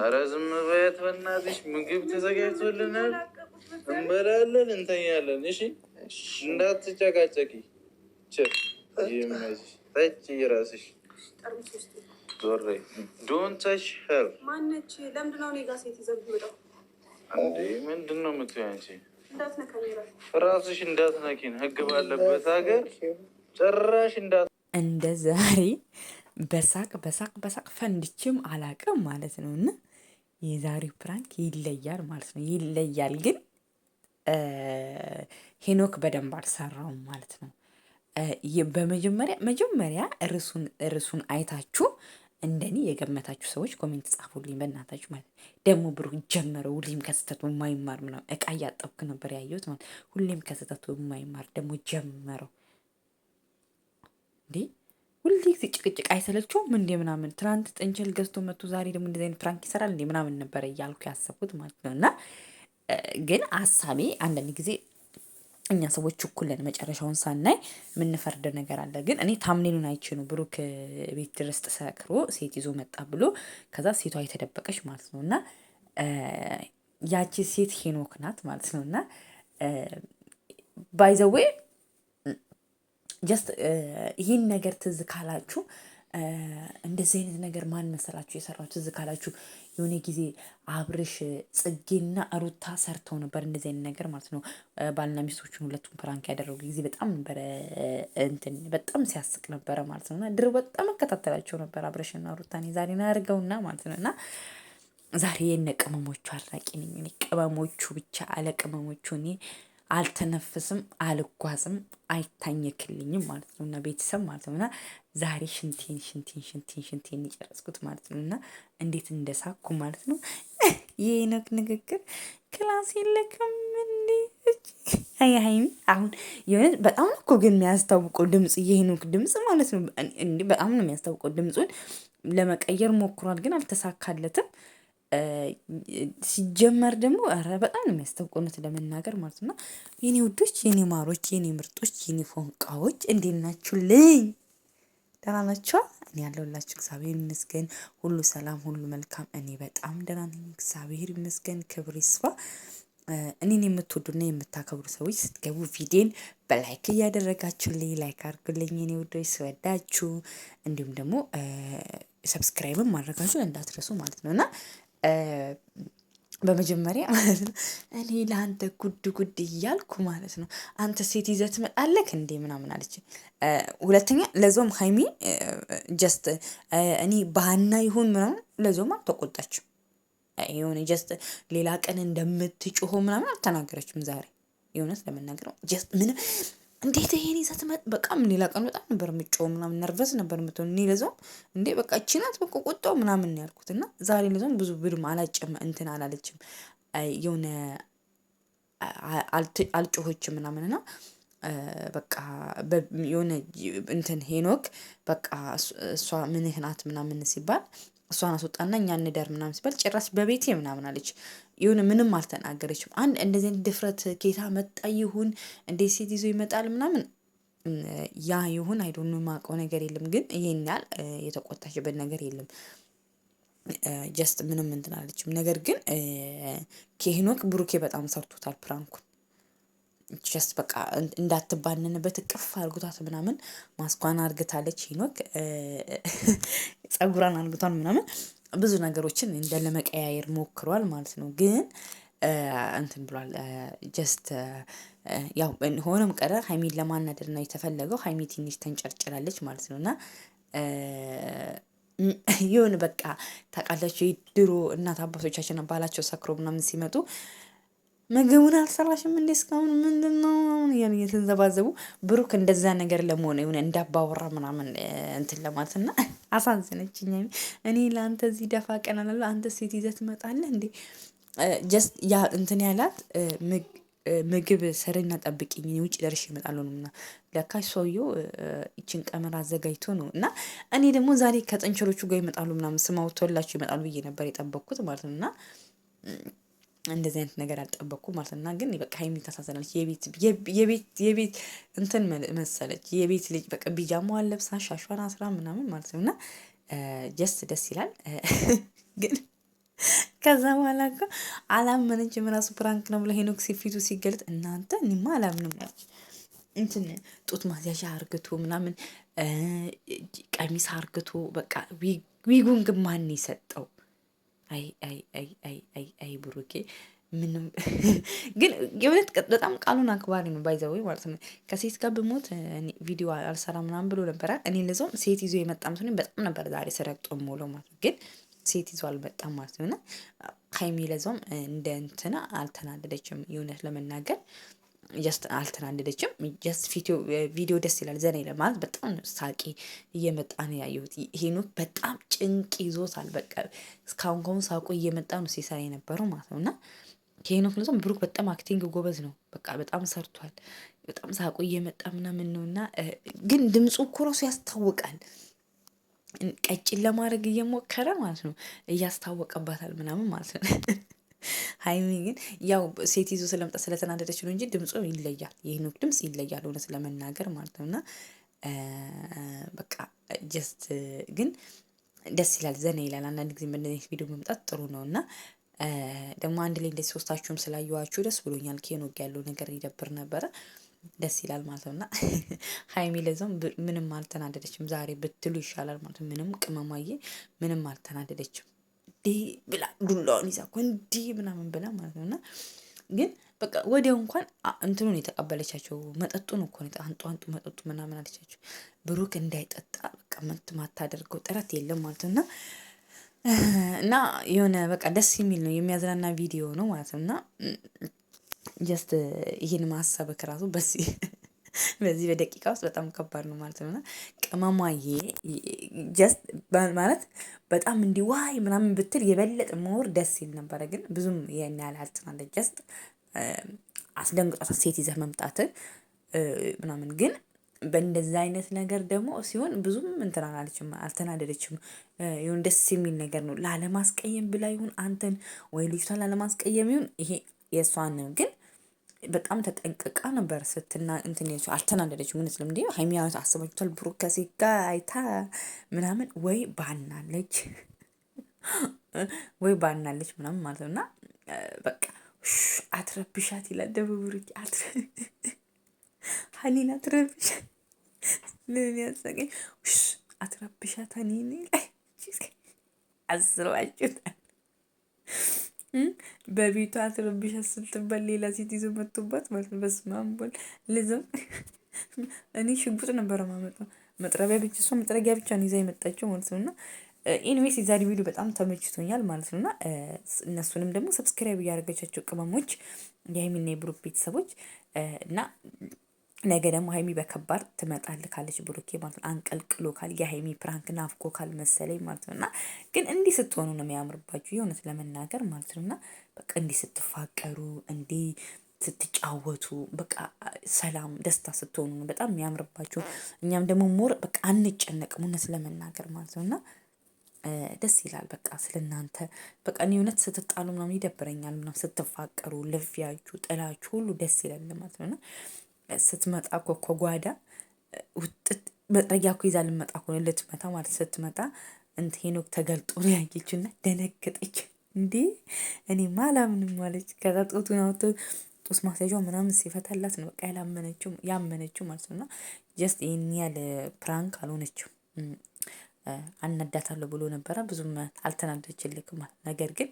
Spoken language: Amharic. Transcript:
ኧረ ዝም በያት በእናትሽ። ምግብ ተዘጋጅቶልናል፣ እንበላለን፣ እንተኛለን። እሺ እንዳትጨቃጨቂ። ጠጪ እራስሽ ሄር ማነች? ለምንድን ነው እኔ ሴት እንዴ ምንድን ነው የምትይው አንቺ? እንዳትነኪን ህግ ባለበት ሀገር ጭራሽ እንዳት እንደ ዛሬ በሳቅ በሳቅ በሳቅ ፈንድችም አላቅም ማለት ነው። እና የዛሬው ፕራንክ ይለያል ማለት ነው። ይለያል ግን ሄኖክ በደንብ አልሰራውም ማለት ነው። በመጀመሪያ መጀመሪያ ርዕሱን አይታችሁ እንደኔ የገመታችሁ ሰዎች ኮሜንት ጻፉልኝ፣ በእናታችሁ ማለት ደግሞ ብሩክ ጀመረው ሁሌም ከስተቱ የማይማር ምናምን እቃ እያጠብክ ነበር ያየሁት ማለት ሁሌም ከስተቱ የማይማር ደግሞ ጀመረው እንዴ ሁሌ ጊዜ ጭቅጭቅ አይሰለችውም እንዴ ምናምን ትናንት ጥንቸል ገዝቶ መጥቶ ዛሬ ደግሞ እንደዚህ አይነት ፕራንክ ይሰራል እንዴ ምናምን ነበረ እያልኩ ያሰብኩት ማለት ነው። እና ግን አሳቤ አንዳንድ ጊዜ እኛ ሰዎች እኩልን መጨረሻውን ሳናይ የምንፈርደ ነገር አለ። ግን እኔ ታምኔሉን አይቼ ነው ብሩክ ቤት ድረስ ተሰክሮ ሴት ይዞ መጣ ብሎ ከዛ ሴቷ የተደበቀች ማለት ነው እና ያቺ ሴት ሄኖክ ናት ማለት ነው እና ባይዘዌ ጀስት ይህን ነገር ትዝ ካላችሁ እንደዚህ አይነት ነገር ማን መሰላችሁ የሰራው? ትዝ ካላችሁ የሆነ ጊዜ አብርሽ ጽጌና ሩታ ሰርተው ነበር እንደዚህ አይነት ነገር ማለት ነው። ባልና ሚስቶችን ሁለቱም ፕራንክ ያደረጉ ጊዜ በጣም ነበረ እንትን በጣም ሲያስቅ ነበረ ማለት ነው። እና ድሮ በጣም እከታተላቸው ነበር አብርሽና ሩታን ዛሬ አድርገውና ማለት ነው እና ዛሬ የነ ቅመሞቹ አድናቂ ነኝ። ቅመሞቹ ብቻ አለ ቅመሞቹ እኔ አልተነፍስም፣ አልጓዝም፣ አይታኘክልኝም ማለት ነው እና ቤተሰብ ማለት ነው እና ዛሬ ሽንቴን ሽንቴን ሽንቴን ሽንቴን የጨረስኩት ማለት ነው እና እንዴት እንደሳኩ ማለት ነው። የሄኖክ ንግግር ክላስ የለክም እንዴ? ሀይሚ አሁን የሆነ በጣም እኮ ግን የሚያስታውቀው ድምፅ የሄኖክ ድምፅ ማለት ነው በጣም ነው የሚያስታውቀው ድምፁን ለመቀየር ሞክሯል፣ ግን አልተሳካለትም። ሲጀመር ደግሞ ኧረ በጣም ነው የሚያስታውቀውነት ለመናገር ማለት ነው። የኔ ውዶች፣ የኔ ማሮች፣ የኔ ምርጦች፣ የኔ ፎንቃዎች እንዴት ናችሁልኝ? ደህና ናችኋ? እኔ ያለሁላችሁ እግዚአብሔር ይመስገን፣ ሁሉ ሰላም፣ ሁሉ መልካም። እኔ በጣም ደህና ነኝ፣ እግዚአብሔር ይመስገን፣ ክብር ይስፋ። እኔን የምትወዱና የምታከብሩ ሰዎች ስትገቡ ቪዲዮን በላይክ እያደረጋችሁልኝ ላይክ አድርጉልኝ የኔ ውዶች፣ ስወዳችሁ እንዲሁም ደግሞ ሰብስክራይብን ማድረጋችሁ እንዳትረሱ ማለት ነው እና በመጀመሪያ ማለት ነው እኔ ለአንተ ጉድ ጉድ እያልኩ ማለት ነው አንተ ሴት ይዘህ ትመጣለህ እንዴ ምናምን አለች። ሁለተኛ ለዞም ሀይሚ ጀስት እኔ ባህና ይሁን ምናምን ለዞም አልተቆጣችም። የሆነ ጀስት ሌላ ቀን እንደምትጮሆ ምናምን አልተናገረችም። ዛሬ የእውነት ለመናገር ጀስት ምንም እንዴት ይሄን ይዘት መጥ በቃ ምን ይላቀን በጣም ነበር የምጮው ምናምን ነርቨስ ነበር የምትሆን እኔ ለዞም እንዴ በቃ እቺ በቃ ቁጦ ምናምን ያልኩት እና ዛሬ ለዞም ብዙ ብድም አላጨም እንትን አላለችም የሆነ አልጮሆችም ምናምን ና በቃ የሆነ እንትን ሄኖክ በቃ እሷ ምንህ ናት ምናምን ሲባል እሷን አስወጣና እኛ እንደር ምናምን ሲባል ጭራሽ በቤቴ ምናምን አለች። ይሁን ምንም አልተናገረችም። አንድ እንደዚህ ድፍረት ጌታ መጣ ይሁን እንዴት ሴት ይዞ ይመጣል ምናምን ያ ይሁን አይዶኑ ማቀው ነገር የለም ግን ይሄን ያህል የተቆጣችበት ነገር የለም። ጀስት ምንም እንትን አለችም። ነገር ግን ከሄኖክ ብሩኬ በጣም ሰርቶታል ፕራንኩን ጀስት በቃ እንዳትባንንበት እቅፍ አርግቷት ምናምን ማስኳን አርግታለች። ሂኖክ ጸጉሯን አርግቷን ምናምን ብዙ ነገሮችን እንደ ለመቀያየር ሞክሯል ማለት ነው። ግን እንትን ብሏል ጀስት ያው ሆኖም ቀረ ሀይሚን ለማናደድ ነው የተፈለገው። ሀይሚ ትንሽ ተንጨርጭራለች ማለት ነው እና ይሁን በቃ ታውቃላችሁ፣ ድሮ እናት አባቶቻችን ባላቸው ሰክሮ ምናምን ሲመጡ ምግቡን አልሰራሽም እንዴ እስካሁን ምንድን ነው አሁን እያሉ እየተንዘባዘቡ ብሩክ እንደዛ ነገር ለመሆነ ሆነ እንዳባወራ ምናምን እንትን ለማለት ና አሳዘነችኝ። እኔ ለአንተ እዚህ ደፋ ቀና እላለሁ፣ አንተ ሴት ይዘህ ትመጣለህ እንዴ? ጀስት ያ እንትን ያላት ምግብ ስሪና ጠብቂኝ፣ ውጭ ደርሼ እመጣለሁ ነው እና ለካ ሰውዬው ይችን ቀመር አዘጋጅቶ ነው እና እኔ ደግሞ ዛሬ ከጥንቸሎቹ ጋር ይመጣሉ ምናምን ስማውቶላቸው ይመጣሉ ብዬ ነበር የጠበቅኩት ማለት ነው እና እንደዚህ አይነት ነገር አልጠበቅኩ ማለት እና ግን በቃ ሀይሚ ታሳዘናለች። የቤት የቤት እንትን መሰለች የቤት ልጅ በቃ ቢጃማ ለብሳ ሻሿን አስራ ምናምን ማለት ነው እና ጀስት ደስ ይላል ግን ከዛ በኋላ እኮ አላመነችም። ራሱ ፕራንክ ነው ብሎ ሄኖክ ፊቱ ሲገልጥ እናንተ እኔማ አላምንም ያለች እንትን ጡት ማስያዣ አርግቶ ምናምን ቀሚስ አርግቶ በቃ ዊጉን ግን ማን የሰጠው አይ አይ አይ አይ አይ አይ ብሩኬ ምንም ግን የእውነት በጣም ቃሉን አክባሪ ነው። ባይዘዌ ማለት ነው ከሴት ጋር ብሞት ቪዲዮ አልሰራ ምናምን ብሎ ነበረ። እኔ ለዞም ሴት ይዞ የመጣም ሲሆን በጣም ነበር ዛሬ ስረግጦ የምውለው ማለት ነው። ግን ሴት ይዞ አልመጣም ማለት ነው። እና ሀይሚ ለዞም እንደ እንትና አልተናደደችም የእውነት ለመናገር ጀስት አልተናደደችም። ጀስት ቪዲዮ ደስ ይላል፣ ዘና ይላል ማለት በጣም ሳቂ እየመጣ ነው ያየሁት። ሄኖክ በጣም ጭንቅ ይዞታል። በቃ እስካሁን ከሁን ሳቁ እየመጣ ነው ሲሰራ የነበረው ማለት ነው። እና ከሄኖክ ነው። ብሩክ በጣም አክቲንግ ጎበዝ ነው። በቃ በጣም ሰርቷል። በጣም ሳቁ እየመጣ ምናምን ነው እና ግን ድምፁ እኮ ራሱ ያስታውቃል ቀጭን ለማድረግ እየሞከረ ማለት ነው። እያስታወቀባታል ምናምን ማለት ነው። ሀይሚ ግን ያው ሴት ይዞ ስለመጣ ስለተናደደች ነው እንጂ ድምፁ ይለያል። የሄኖክ ድምፅ ይለያል እውነት ለመናገር ማለት ነው። እና በቃ ጀስት ግን ደስ ይላል፣ ዘና ይላል። አንዳንድ ጊዜ በእንደዚህ ቪዲዮ መምጣት ጥሩ ነው እና ደግሞ አንድ ላይ እንደዚህ ሶስታችሁም ስላየዋችሁ ደስ ብሎኛል። ከሄኖክ ያለው ነገር ይደብር ነበረ ደስ ይላል ማለት ነው እና ሀይሚ ለዛም ምንም አልተናደደችም። ዛሬ ብትሉ ይሻላል ማለት ነው። ምንም ቅመማዬ ምንም አልተናደደችም። እንዲህ ብላ ዱላውን ይዛ እኮ እንዲህ ምናምን ብላ ማለት ነው። እና ግን በቃ ወዲያው እንኳን እንትኑን የተቀበለቻቸው መጠጡን እኮ አንጡ አንጡ መጠጡ ምናምን አለቻቸው። ብሩክ እንዳይጠጣ በቃ መት ማታደርገው ጥረት የለም ማለት ነው እና የሆነ በቃ ደስ የሚል ነው የሚያዝናና ቪዲዮ ነው ማለት ነው እና ጀስት ይህን ማሰብ ከራሱ በዚህ በዚህ በደቂቃ ውስጥ በጣም ከባድ ነው ማለት ነውና፣ እና ቅመሟዬ ጀስት ማለት በጣም እንዲዋይ ምናምን ብትል የበለጠ መወር ደስ ይል ነበረ፣ ግን ብዙም ይህን ያህል አልትናለ ጀስት አስደንግጧት ሴት ይዘህ መምጣት ምናምን ግን በእንደዛ አይነት ነገር ደግሞ ሲሆን ብዙም እንትን አላለችም፣ አልተናደደችም። ይሁን ደስ የሚል ነገር ነው። ላለማስቀየም ብላ ይሁን አንተን ወይ ልጅቷን ላለማስቀየም ይሁን ይሄ የእሷን ግን በጣም ተጠንቅቃ ነበር ስትና እንትን አልተናደደች። ምን ስለም እንዲ ሀይሚ አስባችሁታል? ብሩክ ከሴት ጋር አይታ ምናምን ወይ ባናለች ወይ ባናለች ምናምን ማለት ነው እና በቃ አትረብሻት ይላል ደበብሩክ አትረ ሀሊን አትረብሻት ምን ያሰገኝ አትረብሻት ሀኒን ላይ አስባችሁታል በቤቷ ትርብሻ ስትባል ሌላ ሴት ይዞ መጥቶባት ማለት ነው። በስመ አብ ወል ልዝም እኔ ሽጉጥ ነበረ ማመጣ መጥረቢያ ብቻ እሷ መጥረጊያ ብቻ ነው ይዛ የመጣችው ማለት ነው። እና ኢንዌስ የዛሬ ቪዲዮ በጣም ተመችቶኛል ማለት ነው። እና እነሱንም ደግሞ ሰብስክራይብ እያደረገቻቸው ቅመሞች የሀይሚና የብሩክ ቤተሰቦች እና ነገ ደግሞ ሀይሚ በከባድ ትመጣልካለች ብሩኬ ማለት ነው። አንቀልቅሎ ካል የሀይሚ ፕራንክ ናፍቆ ካል መሰለኝ ማለት ነው። እና ግን እንዲህ ስትሆኑ ነው የሚያምርባችሁ የእውነት ለመናገር ማለት ነው። እና በቃ እንዲህ ስትፋቀሩ፣ እንዲህ ስትጫወቱ፣ በቃ ሰላም ደስታ ስትሆኑ ነው በጣም የሚያምርባችሁ። እኛም ደግሞ ሞር በቃ አንጨነቅም እውነት ለመናገር ማለት ነው። እና ደስ ይላል በቃ ስለእናንተ በቃ እኔ እውነት ስትጣሉ ምናምን ይደብረኛል ምናምን ስትፋቀሩ፣ ልፊያችሁ፣ ጥላችሁ ሁሉ ደስ ይላል ማለት ነው ስትመጣ እኮ ከጓዳ ውጥት መጥረጊያ እኮ ይዛ ልመጣ እኮ ነው ማለት ስትመጣ እንት ሄኖክ ተገልጦ ነው ያየችውና ደነገጠች። እንዴ እኔማ አላምንም አለች። ከዛ ጦቱን አውጥቶ ጦስ ማስያዣ ምናምን ሲፈታላት ነው በቃ ያላመነችው ያመነችው ማለት ነውና ጀስት ይህን ያለ ፕራንክ አልሆነችው አናዳታለሁ ብሎ ነበረ ብዙም አልተናደችልክም። ነገር ግን